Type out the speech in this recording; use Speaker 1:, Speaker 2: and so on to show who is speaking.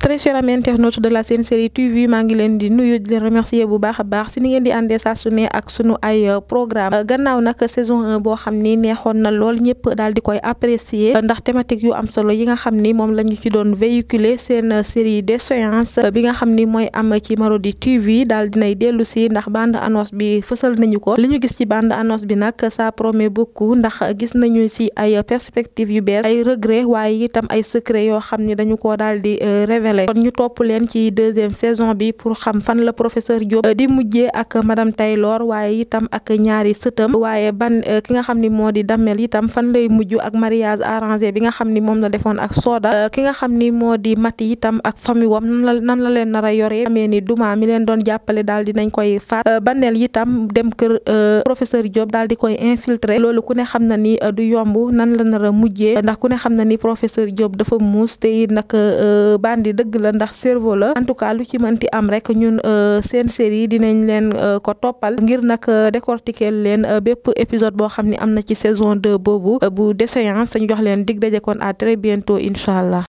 Speaker 1: très cher ami internaute de la Sen Série TV maa ngi leen di nuyu leen remercier bu baax a baax si ni ngeen di àndee saa su ak sunu ay euh, programme euh, gannaaw nag saison boo xam ni neexoon na lool ñëpp daal di koy apprécier euh, ndax thématique yu am solo yi nga xam ni moom la ñu ci doon véhiculer seen série d'échéance bi nga xam ni mooy am ci Marodi TV daal dinay dellu si ndax band annonce bi fësal nañu ko li ñu gis ci bande annonce bi nag ça promet beaucoup ndax gis nañu si ay perspectives yu bees ay regret waaye itam ay secret yoo xam ni dañu ko daal sénégalais kon ñu topp leen ci deuxième saison bi pour xam fan la professeur Diop euh, di mujjee ak madame Taylor waaye itam ak ñaari sëtam waaye ban euh, ki nga xam ni moo di damel itam fan lay mujj ak mariage arrangé bi nga xam ni moom la defoon ak Soda euh, ki nga xam ni moo di Mati itam ak famille wam nan la nan la leen nar a yoree amee ni duma mi leen doon jàppale daal dinañ koy faat baneel itam dem kër professeur Diop daal di koy infiltrer loolu ku ne xam na ni a mujjee dafa muus te nag bandi dëgg la ndax cerveau la en tout cas lu ci mënti am rek ñun euh, seen série dinañ leen euh, ko toppal ngir nag euh, décortiquer leen bépp épisode boo xam ni am na ci saison 2 boobu bu déchéance dañu jox leen dig daje kon à très bientôt incha allah.